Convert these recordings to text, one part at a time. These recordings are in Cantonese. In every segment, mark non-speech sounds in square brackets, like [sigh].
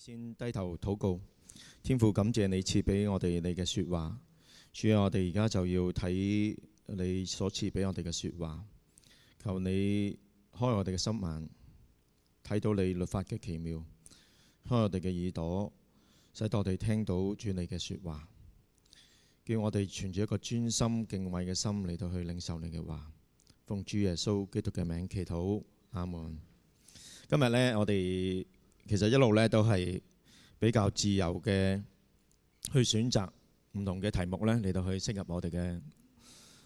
先低頭禱告，天父感謝你賜俾我哋你嘅說話，所以我哋而家就要睇你所賜俾我哋嘅說話，求你開我哋嘅心眼，睇到你律法嘅奇妙，開我哋嘅耳朵，使到我哋聽到主你嘅說話，叫我哋存住一個專心敬畏嘅心嚟到去領受你嘅話，奉主耶穌基督嘅名祈禱，阿門。今日呢，我哋。其實一路咧都係比較自由嘅，去選擇唔同嘅題目咧嚟到去適合我哋嘅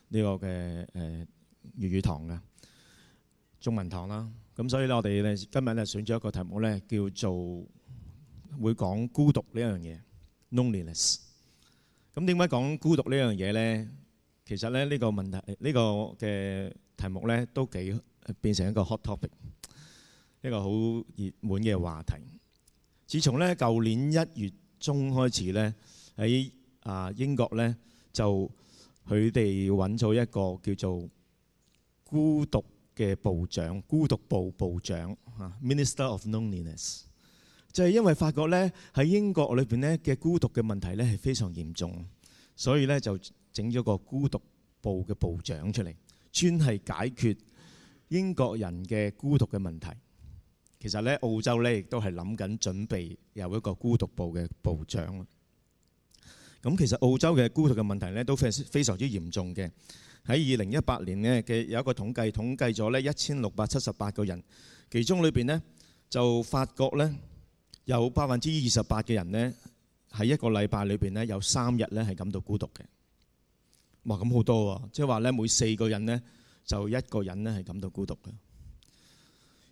呢個嘅誒粵語堂嘅中文堂啦。咁所以咧我哋咧今日咧選咗一個題目咧叫做會講孤獨呢樣嘢 （loneliness）。咁點解講孤獨呢樣嘢咧？其實咧呢個問題呢個嘅題目咧都幾變成一個 hot topic。一個好熱門嘅話題。自從咧舊年一月中開始咧，喺啊英國咧就佢哋揾咗一個叫做孤獨嘅部長，孤獨部部長啊，Minister of Loneliness，就係因為發覺咧喺英國裏邊咧嘅孤獨嘅問題咧係非常嚴重，所以咧就整咗個孤獨部嘅部長出嚟，專係解決英國人嘅孤獨嘅問題。其實咧，澳洲咧亦都係諗緊準備有一個孤獨部嘅部長。咁其實澳洲嘅孤獨嘅問題咧都非常非常之嚴重嘅。喺二零一八年咧嘅有一個統計，統計咗咧一千六百七十八個人，其中裏邊呢，就發覺呢，有百分之二十八嘅人呢，喺一個禮拜裏邊呢，有三日咧係感到孤獨嘅。哇！咁好多喎啊，即係話咧每四個人呢，就一個人呢，係感到孤獨嘅。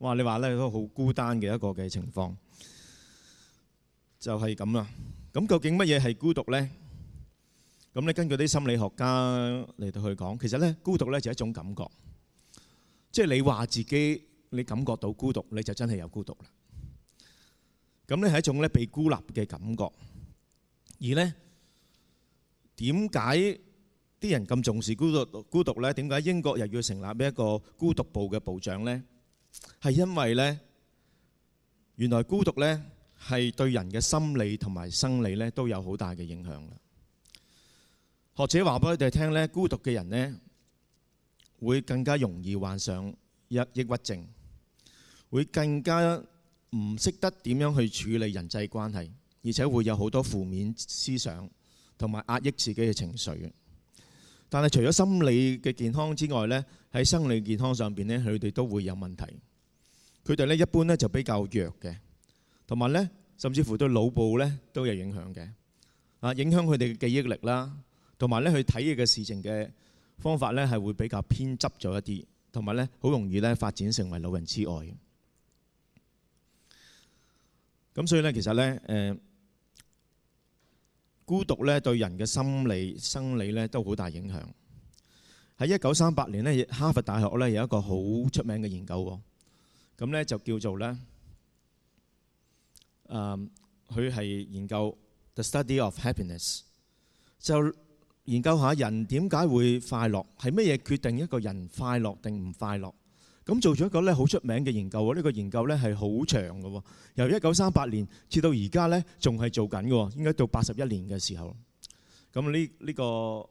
哇！你話咧，都好孤單嘅一個嘅情況，就係咁啦。咁究竟乜嘢係孤獨咧？咁你根據啲心理學家嚟到去講，其實咧孤獨咧就係一種感覺，即係你話自己你感覺到孤獨，你就真係有孤獨啦。咁咧係一種咧被孤立嘅感覺。而咧點解啲人咁重視孤獨孤獨咧？點解英國又要成立呢一個孤獨部嘅部長咧？係因為呢，原來孤獨呢係對人嘅心理同埋生理呢都有好大嘅影響啦。學者話俾佢哋聽呢孤獨嘅人呢會更加容易患上抑抑鬱症，會更加唔識得點樣去處理人際關係，而且會有好多負面思想同埋壓抑自己嘅情緒。但係除咗心理嘅健康之外咧，喺生理健康上邊咧，佢哋都會有問題。佢哋咧一般咧就比較弱嘅，同埋咧甚至乎對腦部咧都有影響嘅。啊，影響佢哋嘅記憶力啦，同埋咧去睇嘅事情嘅方法咧係會比較偏執咗一啲，同埋咧好容易咧發展成為老人痴呆。咁所以咧其實咧誒。呃孤獨咧對人嘅心理生理咧都好大影響。喺一九三八年咧，哈佛大學咧有一個好出名嘅研究，咁咧就叫做咧，誒佢係研究 The Study of Happiness，就研究下人點解會快樂，係乜嘢決定一個人快樂定唔快樂？咁做咗一個咧好出名嘅研究喎，呢個研究咧係好長嘅，由一九三八年至到而家咧仲係做緊嘅，應該到八十一年嘅時候。咁呢呢個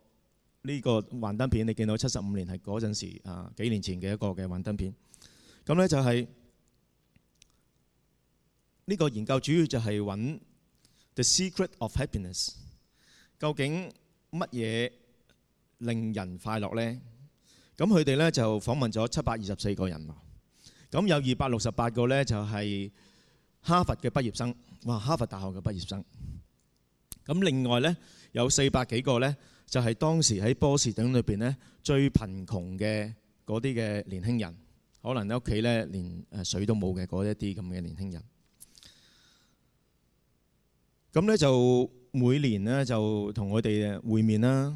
呢個幻燈片，你見到七十五年係嗰陣時啊幾年前嘅一個嘅幻燈片。咁咧就係呢個研究主要就係揾《The Secret of Happiness》，究竟乜嘢令人快樂咧？咁佢哋咧就訪問咗七百二十四個人喎，咁有二百六十八個咧就係哈佛嘅畢業生，哇！哈佛大學嘅畢業生，咁另外咧有四百幾個咧就係當時喺波士頓裏邊咧最貧窮嘅嗰啲嘅年輕人，可能喺屋企咧連誒水都冇嘅嗰一啲咁嘅年輕人。咁咧就每年咧就同我哋會面啦。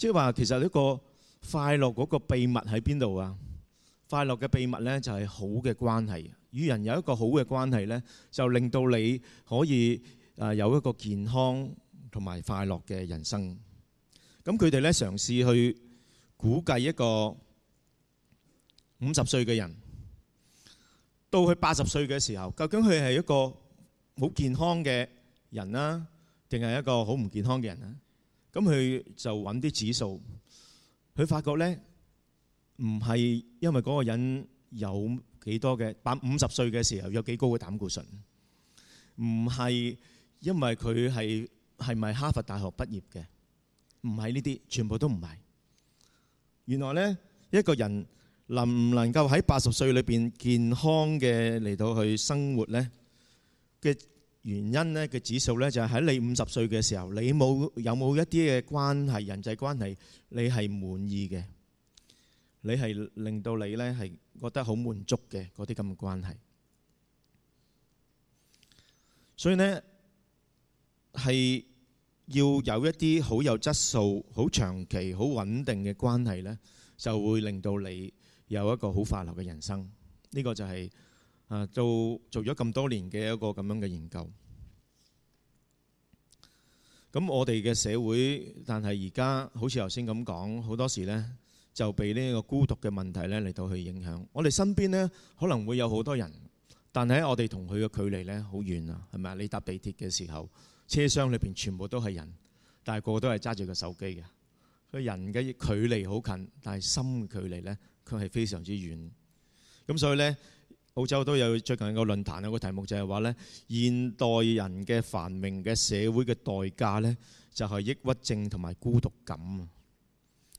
即係話，其實呢個快樂嗰個秘密喺邊度啊？快樂嘅秘密呢就係好嘅關係，與人有一個好嘅關係呢，就令到你可以誒有一個健康同埋快樂嘅人生。咁佢哋呢嘗試去估計一個五十歲嘅人，到去八十歲嘅時候，究竟佢係一個好健康嘅人啊，定係一個好唔健康嘅人啊？咁佢就揾啲指數，佢發覺咧，唔係因為嗰個人有幾多嘅，五十歲嘅時候有幾高嘅膽固醇，唔係因為佢係係咪哈佛大學畢業嘅，唔係呢啲，全部都唔係。原來咧，一個人能唔能夠喺八十歲裏邊健康嘅嚟到去生活咧？嘅原因呢嘅指數呢，就係喺你五十歲嘅時候，你冇有冇一啲嘅關係、人際關係，你係滿意嘅，你係令到你呢係覺得好滿足嘅嗰啲咁嘅關係。所以呢，係要有一啲好有質素、好長期、好穩定嘅關係呢，就會令到你有一個好快樂嘅人生。呢個就係。做做咗咁多年嘅一個咁樣嘅研究，咁我哋嘅社會，但係而家好似頭先咁講，好多時呢就被呢個孤獨嘅問題呢嚟到去影響我哋身邊呢可能會有好多人，但係我哋同佢嘅距離呢好遠啊，係咪啊？你搭地鐵嘅時候，車廂裏邊全部都係人，但係個個都係揸住個手機嘅。佢人嘅距離好近，但係心嘅距離呢，佢係非常之遠。咁所以呢。澳洲都有最近一個論壇，有個題目就係話呢，現代人嘅繁榮嘅社會嘅代價呢，就係抑鬱症同埋孤獨感啊！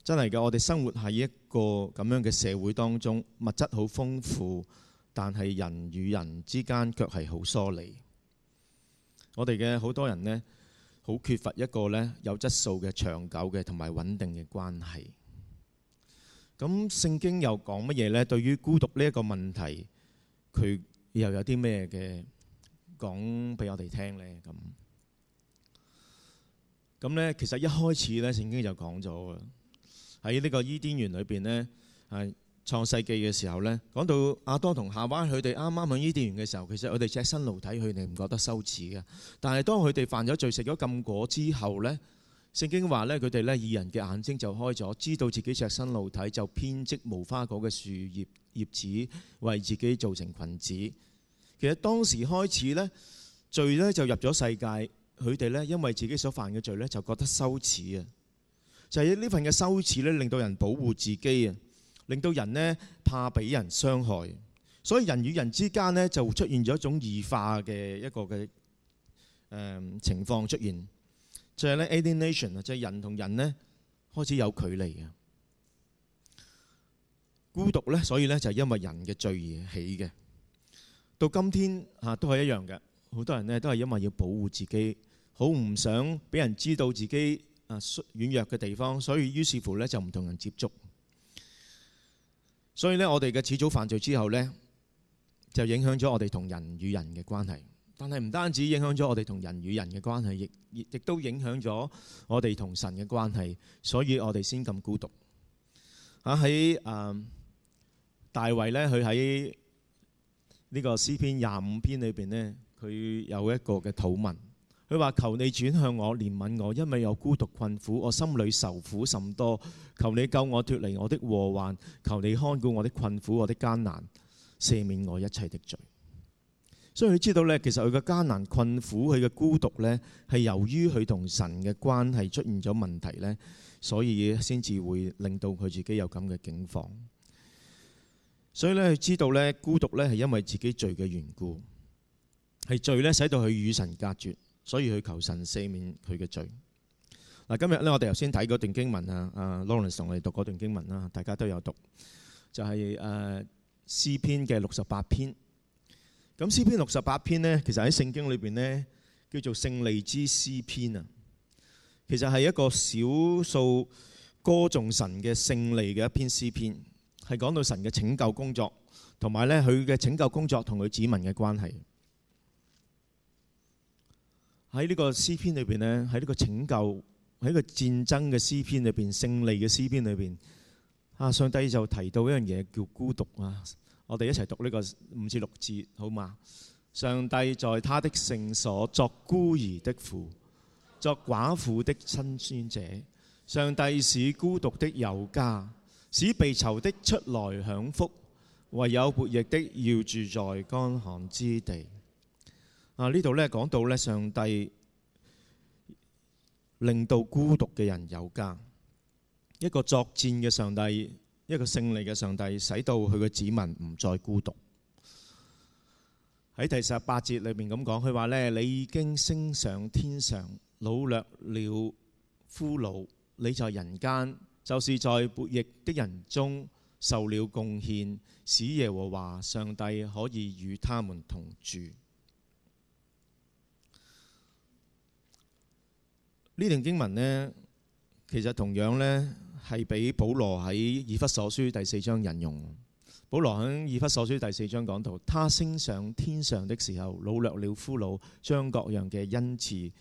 真係嘅，我哋生活喺一個咁樣嘅社會當中，物質好豐富，但係人與人之間卻係好疏離。我哋嘅好多人呢，好缺乏一個呢有質素嘅長久嘅同埋穩定嘅關係。咁聖經又講乜嘢呢？對於孤獨呢一個問題。佢又有啲咩嘅講俾我哋聽咧？咁咁咧，其實一開始咧，聖經就講咗喎。喺呢個伊甸園裏邊咧，創世記嘅時候咧，講到亞當同夏娃佢哋啱啱喺伊甸園嘅時候，其實我哋赤身露體，佢哋唔覺得羞恥嘅。但係當佢哋犯咗罪，食咗禁果之後咧。聖經話咧，佢哋咧二人嘅眼睛就開咗，知道自己赤身露體，就編織無花果嘅樹葉葉子，為自己造成裙子。其實當時開始咧，罪咧就入咗世界，佢哋咧因為自己所犯嘅罪咧，就覺得羞恥啊！就係呢份嘅羞恥咧，令到人保護自己啊，令到人呢怕俾人傷害，所以人與人之間呢，就出現咗一種異化嘅一個嘅誒情況出現。就係咧 alienation 啊，即係人同人咧開始有距離啊，孤獨咧，所以咧就係因為人嘅罪而起嘅。到今天啊都係一樣嘅，好多人咧都係因為要保護自己，好唔想俾人知道自己啊軟弱嘅地方，所以於是乎咧就唔同人接觸。所以咧，我哋嘅始祖犯罪之後咧，就影響咗我哋同人與人嘅關係。但係唔單止影響咗我哋同人與人嘅關係，亦亦都影響咗我哋同神嘅關係，所以我哋先咁孤獨。啊喺啊，uh, 大衛呢，佢喺呢個詩篇廿五篇裏邊呢佢有一個嘅禱文，佢話：求你轉向我，憐憫我，因為我孤獨困苦，我心裏受苦甚多。求你救我脱離我的禍患，求你看顧我的困苦，我的艱難，赦免我一切的罪。所以佢知道呢，其實佢嘅艱難困苦，佢嘅孤獨呢，係由於佢同神嘅關係出現咗問題呢，所以先至會令到佢自己有咁嘅境況。所以呢，佢知道呢，孤獨呢係因為自己罪嘅緣故，係罪呢使到佢與神隔絕，所以佢求神赦免佢嘅罪。嗱，今日呢，我哋頭先睇嗰段經文啊，阿 Lawrence 同我哋讀嗰段經文啦，大家都有讀，就係、是、誒詩篇嘅六十八篇。咁詩篇六十八篇咧，其實喺聖經裏邊咧，叫做勝利之詩篇啊。其實係一個少數歌頌神嘅勝利嘅一篇詩篇，係講到神嘅拯救工作，同埋咧佢嘅拯救工作同佢子民嘅關係。喺呢個詩篇裏邊咧，喺呢個拯救喺呢個戰爭嘅詩篇裏邊，勝利嘅詩篇裏邊，啊，上帝就提到一樣嘢叫孤獨啊。我哋一齊讀呢個五至六節，好嘛？上帝在他的聖所作孤兒的父，作寡婦的伸冤者。上帝使孤獨的有家，使被囚的出來享福，唯有悖逆的要住在乾旱之地。啊！這裏呢度咧講到咧，上帝令到孤獨嘅人有家，一個作戰嘅上帝。一個勝利嘅上帝使到佢嘅子民唔再孤獨。喺第十八節裏面咁講，佢話呢，你已經升上天上，擄掠了俘虜，你在人間，就是在悖逆的人中受了貢獻，使耶和華上帝可以與他們同住。呢段經文呢，其實同樣呢。係俾保羅喺以弗所書第四章引用。保羅喺以弗所書第四章講到，他升上天上的時候，擄掠了俘虜，將各樣嘅恩賜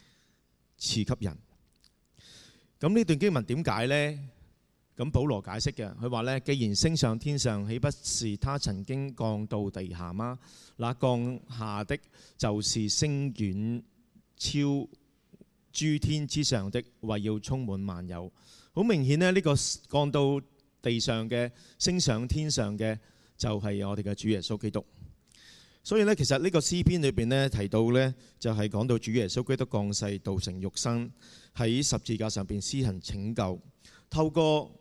賜給人。咁呢段經文點解呢？咁保羅解釋嘅，佢話呢，既然升上天上，豈不是他曾經降到地下嗎？那降下的就是升遠超諸天之上的，為要充滿萬有。好明顯呢，呢、呢個降到地上嘅、升上天上嘅，就係、是、我哋嘅主耶穌基督。所以呢，其實呢個詩篇裏面呢，提到呢，就係、是、講到主耶穌基督降世、道成肉身，喺十字架上邊施行拯救，透過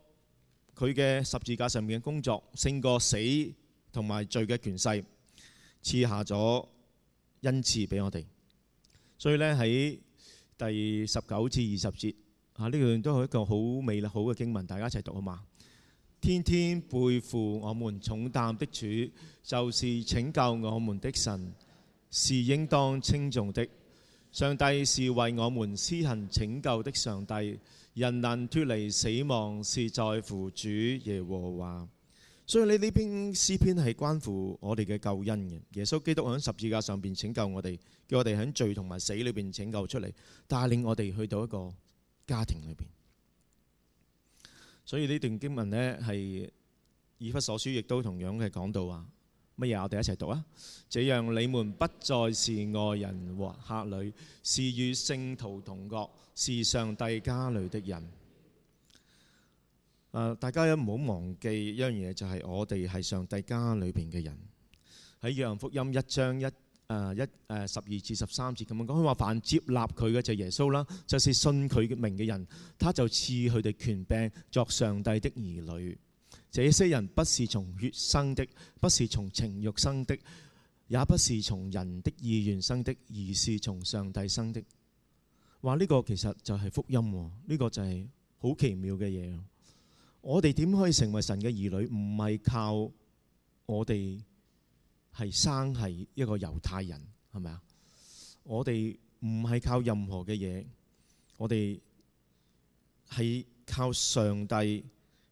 佢嘅十字架上面嘅工作，勝過死同埋罪嘅權勢，賜下咗恩賜俾我哋。所以呢，喺第十九至二十節。啊！呢段都係一個好美好嘅經文，大家一齊讀啊嘛！天天背負我們重擔的主，就是拯救我們的神，是應當稱頌的。上帝是為我們施行拯救的上帝，人能脫離死亡，是在乎主耶和華。所以你呢篇詩篇係關乎我哋嘅救恩嘅。耶穌基督響十字架上邊拯救我哋，叫我哋響罪同埋死裏邊拯救出嚟，帶領我哋去到一個。家庭裏邊，所以呢段經文呢，係以弗所書亦都同樣嘅講到啊乜嘢，我哋一齊讀啊！這樣你們不再是外人或客旅，是與聖徒同國，是上帝家裏的人。呃，大家唔好忘記一樣嘢，就係我哋係上帝家裏邊嘅人。喺約翰福音一章一。誒一誒，十二至十三節說，咁樣講，佢話凡接納佢嘅，就耶穌啦，就是信佢嘅名嘅人，他就賜佢哋權柄作上帝的兒女。這些人不是從血生的，不是從情欲生的，也不是從人的意願生的，而是從上帝生的。話呢個其實就係福音，呢個就係好奇妙嘅嘢。我哋點可以成為神嘅兒女？唔係靠我哋。係生係一個猶太人，係咪啊？我哋唔係靠任何嘅嘢，我哋係靠上帝，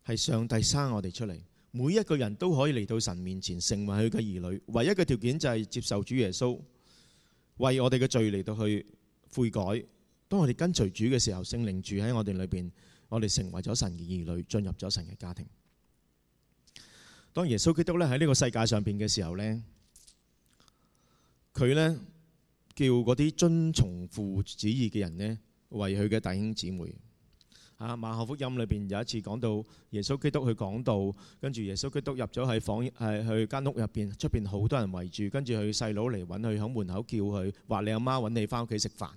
係上帝生我哋出嚟。每一個人都可以嚟到神面前，成為佢嘅兒女。唯一嘅條件就係接受主耶穌，為我哋嘅罪嚟到去悔改。當我哋跟隨主嘅時候，聖靈住喺我哋裏面，我哋成為咗神嘅兒女，進入咗神嘅家庭。當耶穌基督咧喺呢個世界上邊嘅時候呢，佢呢叫嗰啲遵從父旨意嘅人呢，為佢嘅弟兄姊妹啊。馬可福音裏邊有一次講到耶穌基督去講道，跟住耶穌基督入咗喺房誒，去間屋入邊，出邊好多人圍住，跟住佢細佬嚟揾佢響門口叫佢話：說你阿媽揾你翻屋企食飯。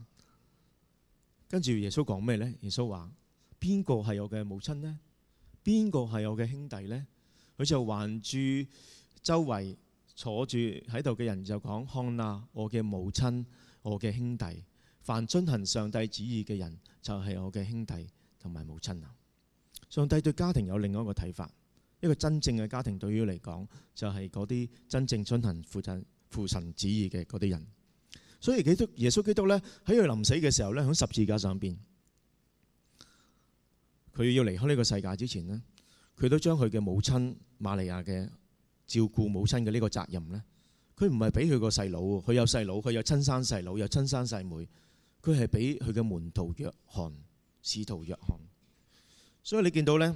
跟住耶穌講咩呢？耶穌話：邊個係我嘅母親呢？邊個係我嘅兄弟呢？」佢就環住周圍坐住喺度嘅人就講：看哪，我嘅母親，我嘅兄弟，凡遵行上帝旨意嘅人就係、是、我嘅兄弟同埋母親啊！上帝對家庭有另外一個睇法，一個真正嘅家庭對於佢嚟講就係嗰啲真正遵行父神父神旨意嘅嗰啲人。所以耶穌基督呢，喺佢臨死嘅時候呢，喺十字架上邊，佢要離開呢個世界之前呢佢都將佢嘅母親瑪利亞嘅照顧母親嘅呢個責任呢，佢唔係俾佢個細佬，佢有細佬，佢有親生細佬，有親生細妹，佢係俾佢嘅門徒約翰，使徒約翰。所以你見到咧，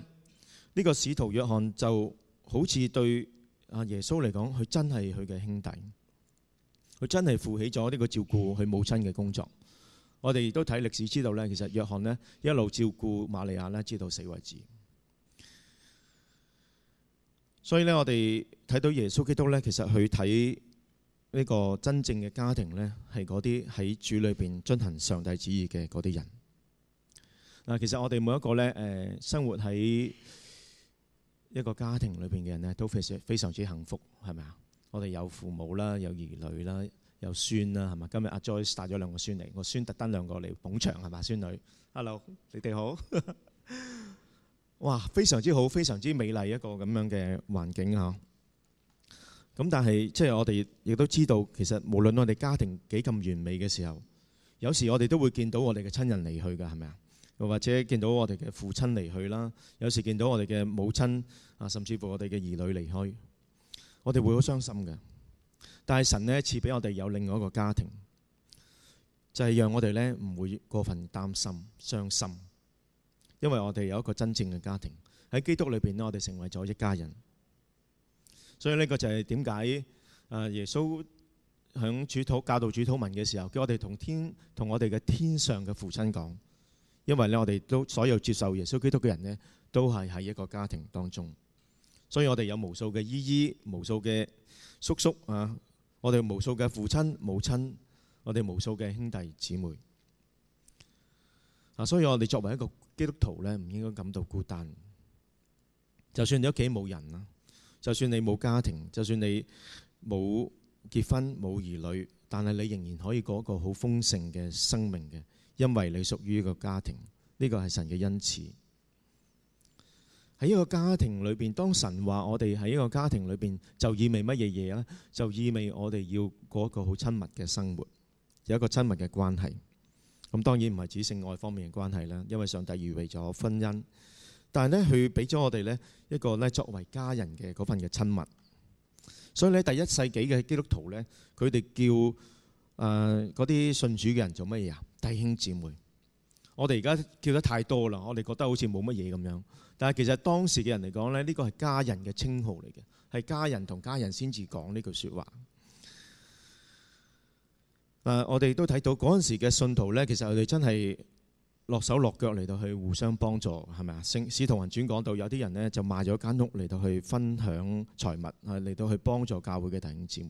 呢個使徒約翰就好似對阿耶穌嚟講，佢真係佢嘅兄弟，佢真係負起咗呢個照顧佢母親嘅工作。我哋都睇歷史知道呢，其實約翰呢，一路照顧瑪利亞呢，直到死為止。所以呢，我哋睇到耶穌基督呢，其實去睇呢個真正嘅家庭呢，係嗰啲喺主裏邊遵行上帝旨意嘅嗰啲人。嗱，其實我哋每一個呢，誒，生活喺一個家庭裏邊嘅人呢，都非常非常之幸福，係咪啊？我哋有父母啦，有兒女啦，有孫啦，係咪？今日阿 Joyce 帶咗兩個孫嚟，我孫特登兩個嚟捧場，係嘛？孫女，hello，你哋好。 [laughs] 哇，非常之好，非常之美麗一個咁樣嘅環境啊！咁但係即係我哋亦都知道，其實無論我哋家庭幾咁完美嘅時候，有時我哋都會見到我哋嘅親人離去嘅，係咪啊？又或者見到我哋嘅父親離去啦，有時見到我哋嘅母親啊，甚至乎我哋嘅兒女離開，我哋會好傷心嘅。但係神呢，賜俾我哋有另外一個家庭，就係讓我哋呢唔會過分擔心、傷心。因為我哋有一個真正嘅家庭喺基督裏邊咧，我哋成為咗一家人，所以呢個就係點解啊？耶穌響主禱教導主禱文嘅時候，叫我哋同天同我哋嘅天上嘅父親講，因為咧，我哋都所有接受耶穌基督嘅人咧，都係喺一個家庭當中，所以我哋有無數嘅姨姨、無數嘅叔叔啊，我哋無數嘅父親、母親，我哋無數嘅兄弟姊妹啊，所以我哋作為一個基督徒咧唔應該感到孤單，就算你屋企冇人啦，就算你冇家庭，就算你冇結婚冇兒女，但係你仍然可以過一個好豐盛嘅生命嘅，因為你屬於一個家庭，呢個係神嘅恩賜。喺一個家庭裏邊，當神話我哋喺一個家庭裏邊，就意味乜嘢嘢呢？就意味我哋要過一個好親密嘅生活，有一個親密嘅關係。咁當然唔係指性愛方面嘅關係啦，因為上帝預備咗婚姻，但係呢，佢俾咗我哋呢一個咧作為家人嘅嗰份嘅親密，所以呢，第一世紀嘅基督徒呢，佢哋叫誒嗰啲信主嘅人做乜嘢啊？弟兄姊妹，我哋而家叫得太多啦，我哋覺得好似冇乜嘢咁樣，但係其實當時嘅人嚟講呢，呢個係家人嘅稱號嚟嘅，係家人同家人先至講呢句説話。誒，我哋都睇到嗰陣時嘅信徒呢，其實佢哋真係落手落腳嚟到去互相幫助，係咪啊？聖使徒行傳講到，有啲人呢就賣咗間屋嚟到去分享財物，啊嚟到去幫助教會嘅弟兄姊妹。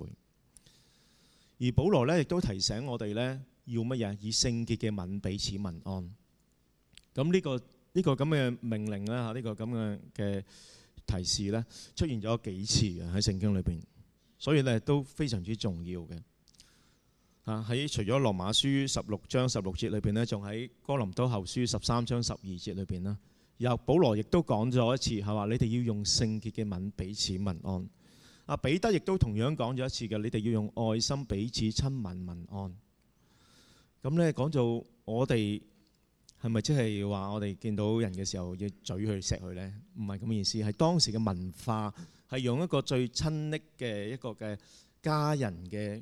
而保羅呢，亦都提醒我哋呢，要乜嘢？以聖潔嘅吻彼此問安。咁呢、呢個呢、呢個咁嘅命令咧呢、呢個咁嘅嘅提示呢，出現咗幾次喺聖經裏邊，所以呢都非常之重要嘅。啊！喺除咗《羅馬書》十六章十六節裏邊呢，仲喺《哥林多後書》十三章十二節裏邊啦。然後保羅亦都講咗一次，係話你哋要用聖潔嘅吻彼此問安。阿彼得亦都同樣講咗一次嘅，你哋要用愛心彼此親吻問安。咁呢，講到我哋係咪即係話我哋見到人嘅時候要嘴去錫佢呢？唔係咁嘅意思，係當時嘅文化係用一個最親暱嘅一個嘅家人嘅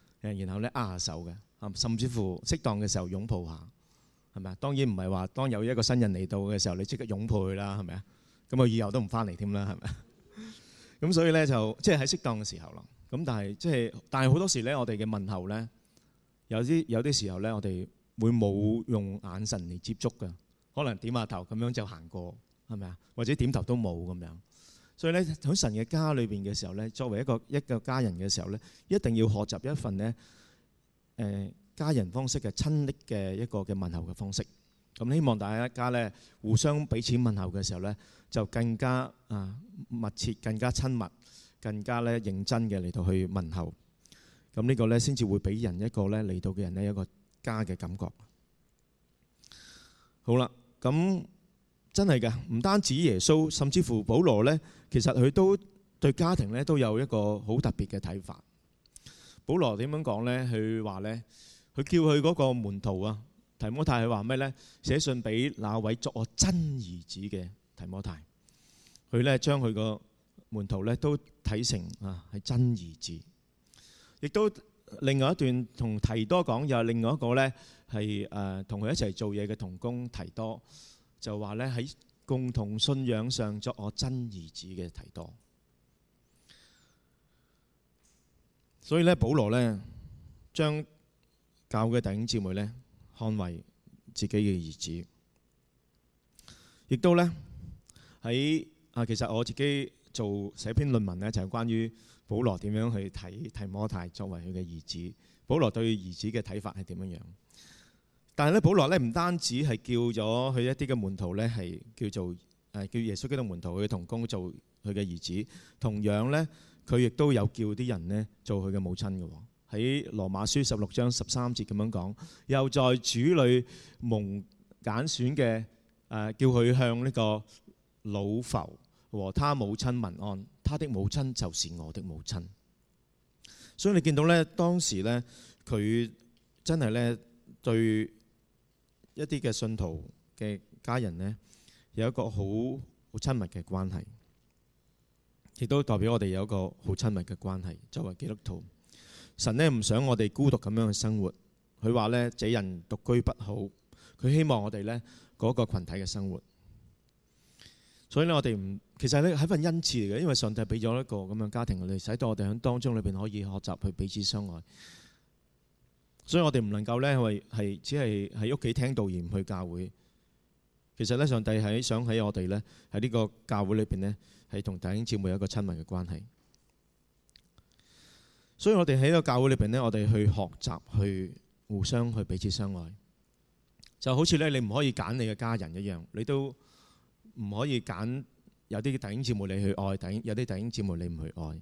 然後咧握下手嘅，甚至乎適當嘅時候擁抱下，係咪啊？當然唔係話當有一個新人嚟到嘅時候，你即刻擁抱佢啦，係咪啊？咁我以後都唔翻嚟添啦，係咪啊？咁 [laughs] 所以咧就即係喺適當嘅時候咯。咁但係即係，但係好多時咧，我哋嘅問候咧，有啲有啲時候咧，我哋會冇用眼神嚟接觸㗎，可能點下頭咁樣就行過，係咪啊？或者點頭都冇咁樣。所以咧喺神嘅家裏邊嘅時候咧，作為一個一個家人嘅時候咧，一定要學習一份呢誒家人方式嘅親昵嘅一個嘅問候嘅方式。咁希望大家咧互相彼此問候嘅時候咧，就更加啊密切、更加親密、更加咧認真嘅嚟到去問候。咁、這、呢個咧先至會俾人一個咧嚟到嘅人咧一個家嘅感覺。好啦，咁。真係㗎，唔單止耶穌，甚至乎保羅呢，其實佢都對家庭呢，都有一個好特別嘅睇法。保羅點樣講呢？佢話呢，佢叫佢嗰個門徒啊，提摩太，佢話咩呢？寫信俾那位作我真兒子嘅提摩太，佢呢，將佢個門徒呢都睇成啊係真兒子。亦都另外一段同提多講，又係另外一個呢，係誒同佢一齊做嘢嘅同工提多。就話咧，喺共同信仰上作我真兒子嘅提多，所以咧，保羅咧將教嘅弟兄姊妹咧看為自己嘅兒子。亦都咧喺啊，其實我自己做寫篇論文咧，就係、是、關於保羅點樣去睇提摩太作為佢嘅兒子，保羅對兒子嘅睇法係點樣樣。但係咧，保羅咧唔單止係叫咗佢一啲嘅門徒咧，係叫做誒，叫耶穌基督門徒去同工做佢嘅兒子。同樣咧，佢亦都有叫啲人咧做佢嘅母親嘅。喺羅馬書十六章十三節咁樣講，又在主裏蒙揀選嘅誒，叫佢向呢個魯孚和他母親問安，他的母親就是我的母親。所以你見到咧，當時咧，佢真係咧對。一啲嘅信徒嘅家人呢，有一個好好親密嘅關係，亦都代表我哋有一個好親密嘅關係。作為基督徒，神呢唔想我哋孤獨咁樣嘅生活，佢話呢，這人獨居不好。佢希望我哋呢嗰個羣體嘅生活。所以呢，我哋唔，其實呢係份恩賜嚟嘅，因為上帝俾咗一個咁樣的家庭嚟，我哋使到我哋喺當中裏邊可以學習去彼此相愛。所以我哋唔能夠呢，係係只係喺屋企聽道而唔去教會。其實呢，上帝喺想喺我哋呢，喺呢個教會裏邊呢，係同弟兄姊妹有一個親密嘅關係。所以我哋喺個教會裏邊呢，我哋去學習去互相去彼此相愛。就好似呢，你唔可以揀你嘅家人一樣，你都唔可以揀有啲弟兄姊妹你去愛，有啲弟兄姊妹你唔去愛。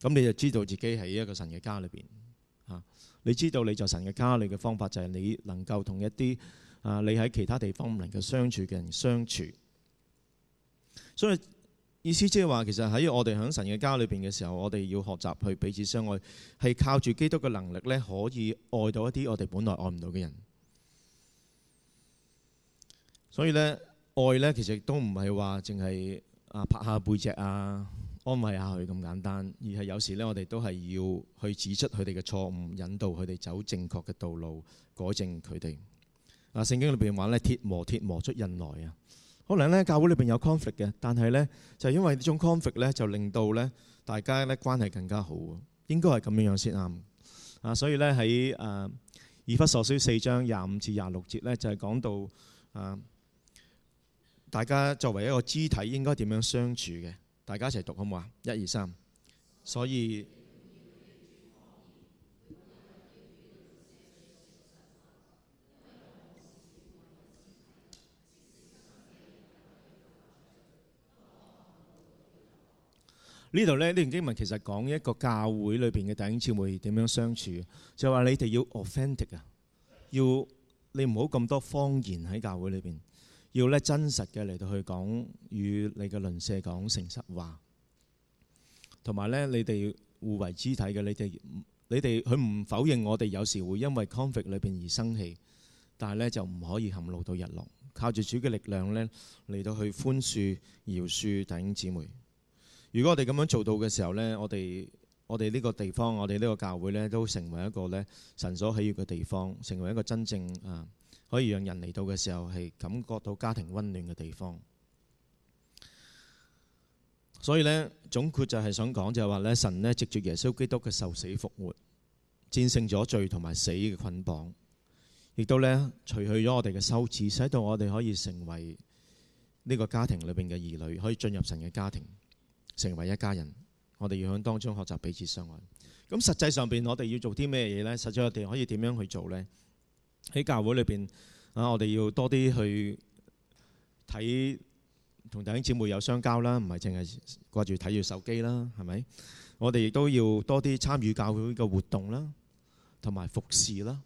咁你就知道自己喺一個神嘅家裏邊，嚇、啊！你知道你在神嘅家裏嘅方法就係你能夠同一啲啊，你喺其他地方唔能夠相處嘅人相處。所以意思即係話，其實喺我哋響神嘅家裏邊嘅時候，我哋要學習去彼此相愛，係靠住基督嘅能力咧，可以愛到一啲我哋本來愛唔到嘅人。所以咧，愛咧其實都唔係話淨係啊拍下背脊啊，安慰下佢咁簡單，而係有時咧，我哋都係要去指出佢哋嘅錯誤，引導佢哋走正確嘅道路，改正佢哋。啊，聖經裏邊話咧，鐵磨鐵磨出刃來啊。可能咧教會裏邊有 conflict 嘅，但係咧就因為呢種 conflict 咧，就令到咧大家咧關係更加好。應該係咁樣樣先啱。啊，所以咧喺誒以弗所書四章廿五至廿六節咧，就係講到誒大家作為一個肢體應該點樣相處嘅。大家一齊讀好唔好啊？一二三，所以呢度呢段經文其實講一個教會裏邊嘅弟兄姊妹點樣相處，就係話你哋要 a u t h e n t i c 啊，要你唔好咁多謊言喺教會裏邊。要咧真實嘅嚟到去講，與你嘅鄰舍講誠實話，同埋咧你哋互為肢體嘅你哋，你哋佢唔否認我哋有時會因為 conflict 裏邊而生氣，但係咧就唔可以含怒到日落。靠住主嘅力量咧嚟到去寬恕饒恕，恕弟兄姊妹。如果我哋咁樣做到嘅時候咧，我哋我哋呢個地方，我哋呢個教會咧都成為一個咧神所喜悅嘅地方，成為一個真正啊～可以讓人嚟到嘅時候係感覺到家庭温暖嘅地方。所以咧總括就係想講就係話咧，神咧藉住耶穌基督嘅受死復活，戰勝咗罪同埋死嘅捆綁，亦都咧除去咗我哋嘅羞恥，使到我哋可以成為呢個家庭裏邊嘅兒女，可以進入神嘅家庭，成為一家人。我哋要喺當中學習彼此相愛。咁實際上邊我哋要做啲咩嘢呢？實際我哋可以點樣去做呢？喺教會裏邊啊，我哋要多啲去睇同弟兄姊妹有相交啦，唔係淨係掛住睇住手機啦，係咪？我哋亦都要多啲參與教會嘅活動啦，同埋服侍啦。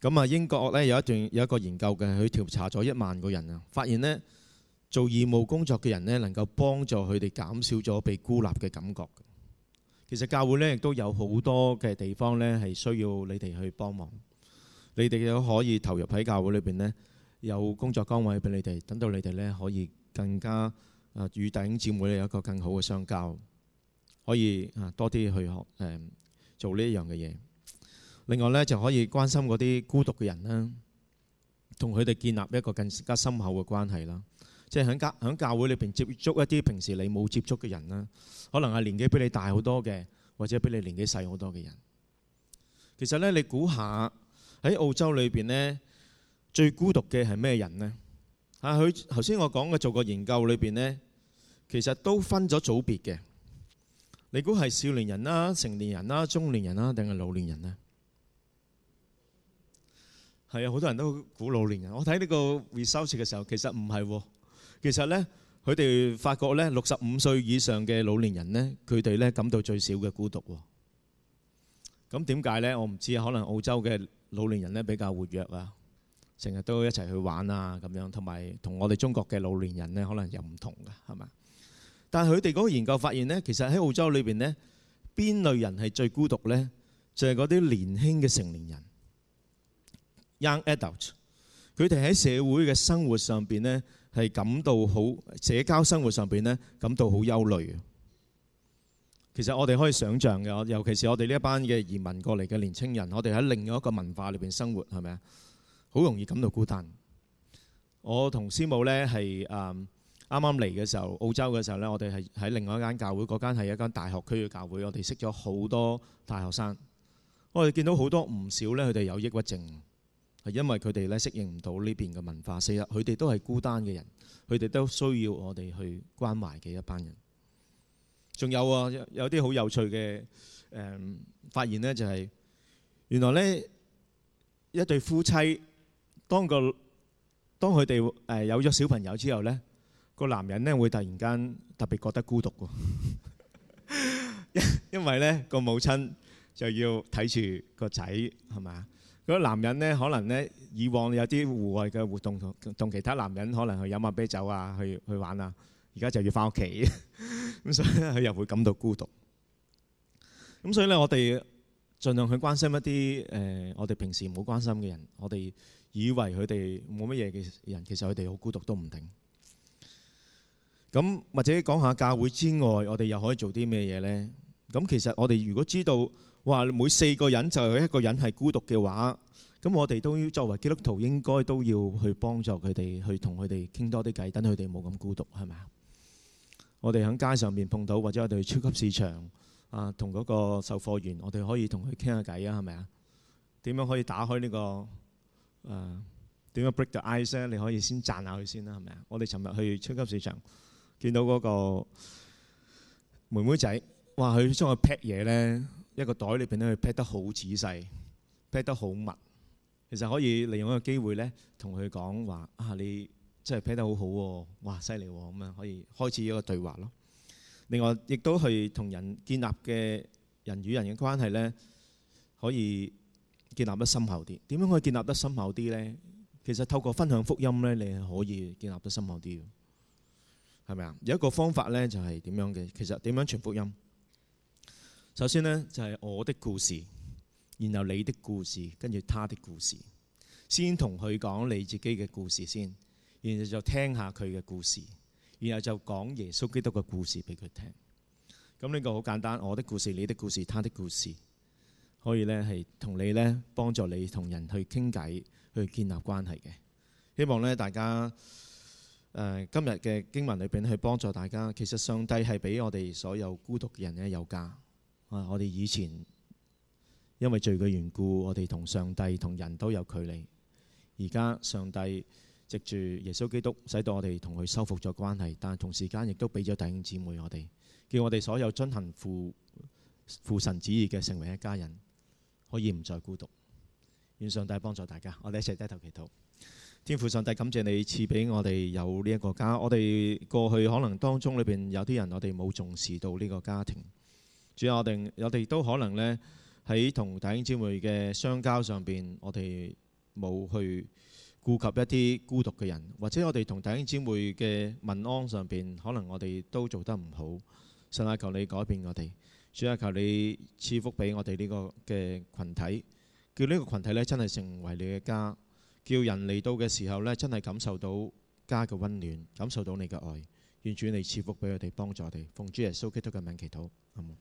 咁啊，英國咧有一段有一個研究嘅，佢調查咗一萬個人啊，發現呢做義務工作嘅人呢，能夠幫助佢哋減少咗被孤立嘅感覺。其實教會呢，亦都有好多嘅地方呢，係需要你哋去幫忙。你哋都可以投入喺教會裏邊呢，有工作崗位俾你哋，等到你哋呢可以更加啊與弟兄姊妹有一個更好嘅相交，可以啊多啲去學誒做呢一樣嘅嘢。另外呢，就可以關心嗰啲孤獨嘅人啦，同佢哋建立一個更加深厚嘅關係啦。即係喺教喺教會裏邊接觸一啲平時你冇接觸嘅人啦，可能係年紀比你大好多嘅，或者比你年紀細好多嘅人。其實呢，你估下。喺澳洲裏邊呢，最孤獨嘅係咩人呢？啊，佢頭先我講嘅做過研究裏邊呢，其實都分咗組別嘅。你估係少年人啦、成年人啦、中年人啦，定係老年人呢？係啊，好多人都估老年人。我睇呢個 result 嘅時候，其實唔係喎。其實呢，佢哋發覺呢，六十五歲以上嘅老年人呢，佢哋呢感到最少嘅孤獨喎。咁點解呢？我唔知，可能澳洲嘅。老年人咧比較活躍啊，成日都一齊去玩啊咁樣，同埋同我哋中國嘅老年人咧可能又唔同㗎，係嘛？但係佢哋嗰個研究發現咧，其實喺澳洲裏邊咧，邊類人係最孤獨咧？就係嗰啲年輕嘅成年人 （young adult），佢哋喺社會嘅生活上邊咧係感到好社交生活上邊咧感到好憂慮。其實我哋可以想像嘅，尤其是我哋呢一班嘅移民過嚟嘅年青人，我哋喺另一個文化裏面生活，係咪啊？好容易感到孤單。我同師母呢係誒啱啱嚟嘅時候，澳洲嘅時候呢，我哋係喺另外一間教會，嗰間係一間大學區嘅教會，我哋識咗好多大學生，我哋見到好多唔少呢，佢哋有抑鬱症，係因為佢哋呢適應唔到呢邊嘅文化，所以佢哋都係孤單嘅人，佢哋都需要我哋去關懷嘅一班人。仲有啊，有有啲好有趣嘅誒發現咧，就係原來咧一對夫妻當個當佢哋誒有咗小朋友之後咧，個男人咧會突然間特別覺得孤獨喎，因因為咧個母親就要睇住個仔係咪？嗰個男人咧可能咧以往有啲戶外嘅活動同同其他男人可能去飲下啤酒啊，去去玩啊。而家就要翻屋企，咁所以咧，佢又會感到孤獨。咁所以咧，我哋盡量去關心一啲誒，我哋平時唔好關心嘅人，我哋以為佢哋冇乜嘢嘅人，其實佢哋好孤獨都唔定。咁或者講下教會之外，我哋又可以做啲咩嘢咧？咁其實我哋如果知道話每四個人就有一個人係孤獨嘅話，咁我哋都要作為基督徒，應該都要去幫助佢哋，去同佢哋傾多啲偈，等佢哋冇咁孤獨，係咪啊？我哋喺街上面碰到，或者我哋去超級市場啊，同嗰個售貨員，我哋可以同佢傾下偈啊，係咪啊？點樣可以打開呢個誒？點樣 break the ice 啊，你可以先讚下佢先啦，係咪啊？我哋尋日去超級市場見到嗰個妹妹仔，哇！佢將個 pack 嘢呢，一個袋裏邊咧，佢 pack 得好仔細，pack 得好密。其實可以利用一個機會呢，同佢講話啊，你。真係 pair 得好好、啊、喎，哇，犀利喎！咁樣可以開始一個對話咯。另外，亦都係同人建立嘅人與人嘅關係咧，可以建立得深厚啲。點樣可以建立得深厚啲咧？其實透過分享福音咧，你可以建立得深厚啲，係咪啊？有一個方法咧，就係、是、點樣嘅？其實點樣傳福音？首先咧，就係、是、我的故事，然後你的故事，跟住他的故事，先同佢講你自己嘅故事先。然後就聽下佢嘅故事，然後就講耶穌基督嘅故事俾佢聽。咁、這、呢個好簡單，我的故事、你的故事、他的故事，可以呢係同你呢幫助你同人去傾偈、去建立關係嘅。希望呢大家、呃、今日嘅經文裏邊去幫助大家。其實上帝係俾我哋所有孤獨嘅人呢有家啊！我哋以前因為罪嘅緣故，我哋同上帝同人都有距離。而家上帝。藉住耶穌基督，使到我哋同佢修復咗關係，但係同時間亦都俾咗弟兄姊妹我哋，叫我哋所有遵行父父神旨意嘅，成為一家人，可以唔再孤獨。願上帝幫助大家，我哋一齊低頭祈禱。天父上帝，感謝你賜俾我哋有呢一個家。我哋過去可能當中裏面有啲人，我哋冇重視到呢個家庭。主要我哋我哋都可能呢，喺同弟兄姊妹嘅相交上邊，我哋冇去。顧及一啲孤獨嘅人，或者我哋同弟兄姊妹嘅問安上邊，可能我哋都做得唔好。神啊，求你改變我哋，主啊，求你賜福俾我哋呢個嘅羣體，叫呢個羣體咧真係成為你嘅家，叫人嚟到嘅時候咧真係感受到家嘅温暖，感受到你嘅愛。願主你賜福俾我哋，幫助我哋。奉主耶穌基督嘅名祈禱，阿門。